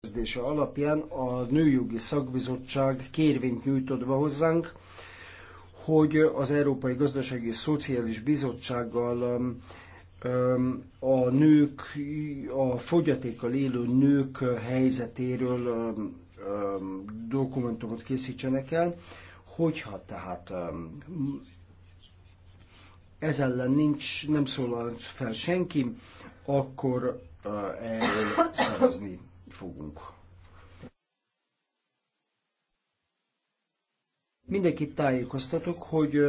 kezdése alapján a Nőjogi Szakbizottság kérvényt nyújtott be hozzánk, hogy az Európai Gazdasági és Szociális Bizottsággal um, um, a nők, a fogyatékkal élő nők helyzetéről um, dokumentumot készítsenek el, hogyha tehát ez ellen nincs, nem szólalt fel senki, akkor uh, erről szavazni fogunk. Mindenkit tájékoztatok, hogy